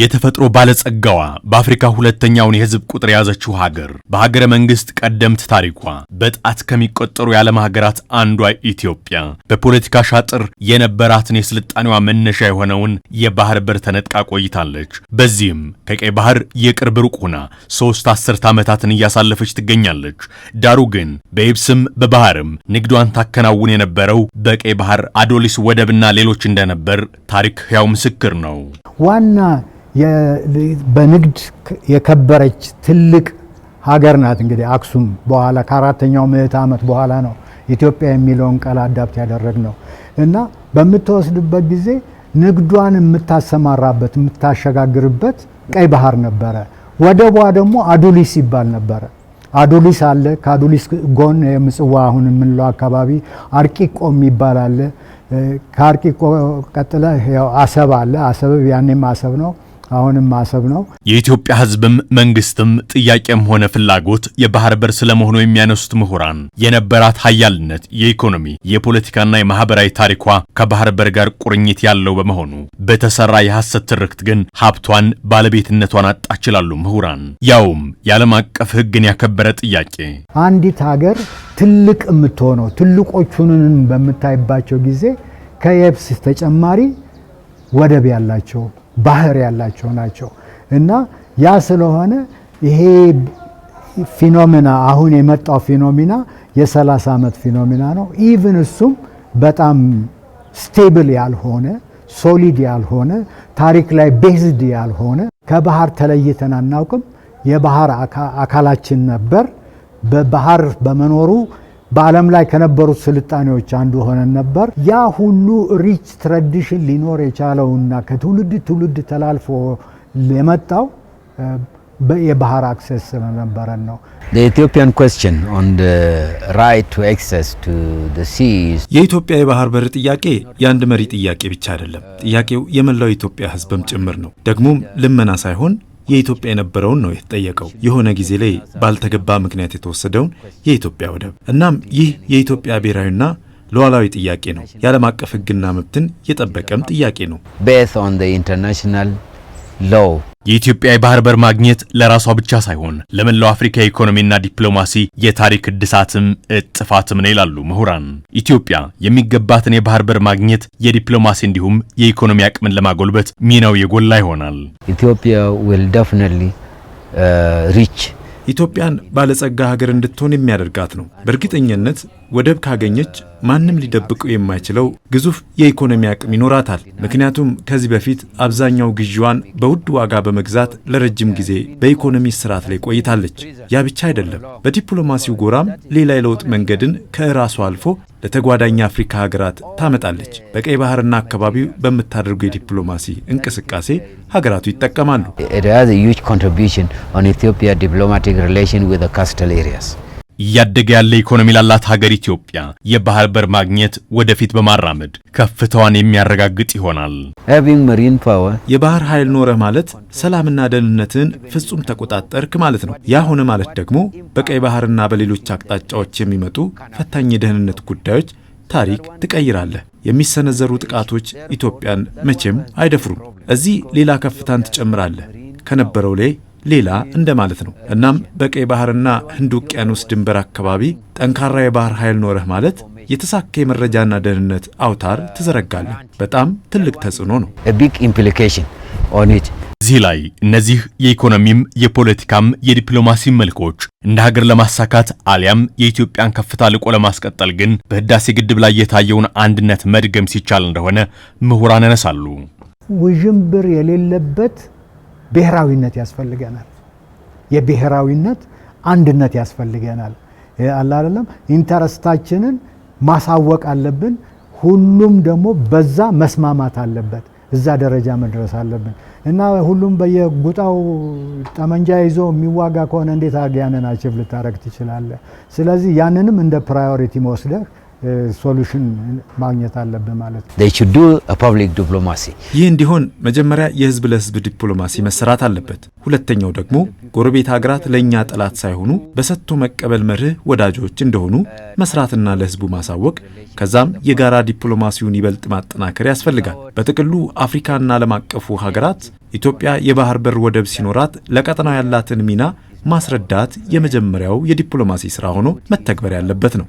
የተፈጥሮ ባለጸጋዋ በአፍሪካ ሁለተኛውን የህዝብ ቁጥር የያዘችው ሀገር በሀገረ መንግስት ቀደምት ታሪኳ በጣት ከሚቆጠሩ የዓለም ሀገራት አንዷ ኢትዮጵያ በፖለቲካ ሻጥር የነበራትን የስልጣኔዋ መነሻ የሆነውን የባህር በር ተነጥቃ ቆይታለች። በዚህም ከቀይ ባህር የቅርብ ሩቅ ሆና ሶስት አስርት ዓመታትን እያሳለፈች ትገኛለች። ዳሩ ግን በየብስም በባህርም ንግዷን ታከናውን የነበረው በቀይ ባህር አዶሊስ ወደብና ሌሎች እንደነበር ታሪክ ሕያው ምስክር ነው። ዋና በንግድ የከበረች ትልቅ ሀገር ናት። እንግዲህ አክሱም በኋላ ከአራተኛው ምዕተ ዓመት በኋላ ነው ኢትዮጵያ የሚለውን ቃል አዳብት ያደረግ ነው እና በምትወስድበት ጊዜ ንግዷን የምታሰማራበት የምታሸጋግርበት ቀይ ባህር ነበረ። ወደቧ ደግሞ አዱሊስ ይባል ነበረ። አዱሊስ አለ። ከአዱሊስ ጎን የምጽዋ አሁን የምንለው አካባቢ አርቂቆ የሚባል አለ። ከአርቂቆ ቀጥለ አሰብ አለ። አሰብ ያኔም አሰብ ነው። አሁንም ማሰብ ነው። የኢትዮጵያ ህዝብም መንግስትም ጥያቄም ሆነ ፍላጎት የባህር በር ስለመሆኑ የሚያነሱት ምሁራን የነበራት ሀያልነት የኢኮኖሚ የፖለቲካና የማህበራዊ ታሪኳ ከባህር በር ጋር ቁርኝት ያለው በመሆኑ በተሰራ የሐሰት ትርክት ግን ሀብቷን ባለቤትነቷን አጣችላሉ ምሁራን። ያውም የዓለም አቀፍ ህግን ያከበረ ጥያቄ አንዲት ሀገር ትልቅ የምትሆነው ትልቆቹንም በምታይባቸው ጊዜ ከየብስ ተጨማሪ ወደብ ያላቸው ባህር ያላቸው ናቸው እና ያ ስለሆነ ይሄ ፊኖሚና አሁን የመጣው ፊኖሚና የ30 ዓመት ፊኖሚና ነው። ኢቭን እሱም በጣም ስቴብል ያልሆነ ሶሊድ ያልሆነ ታሪክ ላይ ቤዝድ ያልሆነ ከባህር ተለይተን አናውቅም። የባህር አካላችን ነበር። በባህር በመኖሩ በዓለም ላይ ከነበሩት ስልጣኔዎች አንዱ ሆነን ነበር። ያ ሁሉ ሪች ትራዲሽን ሊኖር የቻለውና ከትውልድ ትውልድ ተላልፎ የመጣው የባህር አክሰስ ስለነበረን ነው። የኢትዮጵያ የባህር በር ጥያቄ የአንድ መሪ ጥያቄ ብቻ አይደለም። ጥያቄው የመላው የኢትዮጵያ ሕዝብም ጭምር ነው። ደግሞም ልመና ሳይሆን የኢትዮጵያ የነበረውን ነው የተጠየቀው። የሆነ ጊዜ ላይ ባልተገባ ምክንያት የተወሰደውን የኢትዮጵያ ወደብ። እናም ይህ የኢትዮጵያ ብሔራዊና ሉዓላዊ ጥያቄ ነው። የዓለም አቀፍ ሕግና መብትን የጠበቀም ጥያቄ ነው። ቤዝ ኦን ኢንተርናሽናል ሎው የኢትዮጵያ የባህር በር ማግኘት ለራሷ ብቻ ሳይሆን ለመላው አፍሪካ ኢኮኖሚና ዲፕሎማሲ የታሪክ እድሳትም እጥፋትም ነው ይላሉ ምሁራን። ኢትዮጵያ የሚገባትን የባህር በር ማግኘት የዲፕሎማሲ እንዲሁም የኢኮኖሚ አቅምን ለማጎልበት ሚናው የጎላ ይሆናል። ኢትዮጵያ ዊል ሪች uh, ኢትዮጵያን ባለጸጋ ሀገር እንድትሆን የሚያደርጋት ነው። በእርግጠኝነት ወደብ ካገኘች ማንም ሊደብቀው የማይችለው ግዙፍ የኢኮኖሚ አቅም ይኖራታል። ምክንያቱም ከዚህ በፊት አብዛኛው ግዢዋን በውድ ዋጋ በመግዛት ለረጅም ጊዜ በኢኮኖሚ ስርዓት ላይ ቆይታለች። ያ ብቻ አይደለም፣ በዲፕሎማሲው ጎራም ሌላ የለውጥ መንገድን ከእራሱ አልፎ ለተጓዳኝ አፍሪካ ሀገራት ታመጣለች። በቀይ ባህርና አካባቢው በምታደርጉ የዲፕሎማሲ እንቅስቃሴ ሀገራቱ ይጠቀማሉ። እያደገ ያለ ኢኮኖሚ ላላት ሀገር ኢትዮጵያ የባህር በር ማግኘት ወደፊት በማራመድ ከፍታዋን የሚያረጋግጥ ይሆናል። የባህር ኃይል ኖረ ማለት ሰላምና ደህንነትን ፍጹም ተቆጣጠርክ ማለት ነው። ያ ሆነ ማለት ደግሞ በቀይ ባህርና በሌሎች አቅጣጫዎች የሚመጡ ፈታኝ የደህንነት ጉዳዮች ታሪክ ትቀይራለህ። የሚሰነዘሩ ጥቃቶች ኢትዮጵያን መቼም አይደፍሩም። እዚህ ሌላ ከፍታን ትጨምራለህ ከነበረው ላይ ሌላ እንደማለት ነው። እናም በቀይ ባህርና ህንድ ውቅያኖስ ድንበር አካባቢ ጠንካራ የባህር ኃይል ኖረህ ማለት የተሳካ የመረጃና ደህንነት አውታር ትዘረጋለህ። በጣም ትልቅ ተጽዕኖ ነው። እዚህ ላይ እነዚህ የኢኮኖሚም የፖለቲካም የዲፕሎማሲም መልኮች እንደ ሀገር ለማሳካት አሊያም የኢትዮጵያን ከፍታ ልቆ ለማስቀጠል ግን በህዳሴ ግድብ ላይ የታየውን አንድነት መድገም ሲቻል እንደሆነ ምሁራን ያነሳሉ። ውዥንብር የሌለበት ብሔራዊነት ያስፈልገናል። የብሔራዊነት አንድነት ያስፈልገናል። አለ አይደለም ኢንተረስታችንን ማሳወቅ አለብን። ሁሉም ደግሞ በዛ መስማማት አለበት። እዛ ደረጃ መድረስ አለብን እና ሁሉም በየጉጣው ጠመንጃ ይዞ የሚዋጋ ከሆነ እንዴት አድርገህ ያንን አችብ ልታደርግ ትችላለህ? ስለዚህ ያንንም እንደ ፕራዮሪቲ መወስደህ ሶሉሽን ማግኘት አለብን ማለት ነው። ፐብሊክ ዲፕሎማሲ ይህ እንዲሆን መጀመሪያ የህዝብ ለህዝብ ዲፕሎማሲ መሰራት አለበት። ሁለተኛው ደግሞ ጎረቤት ሀገራት ለእኛ ጠላት ሳይሆኑ በሰጥቶ መቀበል መርህ ወዳጆች እንደሆኑ መስራትና ለህዝቡ ማሳወቅ፣ ከዛም የጋራ ዲፕሎማሲውን ይበልጥ ማጠናከር ያስፈልጋል። በጥቅሉ አፍሪካና ዓለም አቀፉ ሀገራት ኢትዮጵያ የባህር በር ወደብ ሲኖራት ለቀጠናው ያላትን ሚና ማስረዳት የመጀመሪያው የዲፕሎማሲ ስራ ሆኖ መተግበር ያለበት ነው።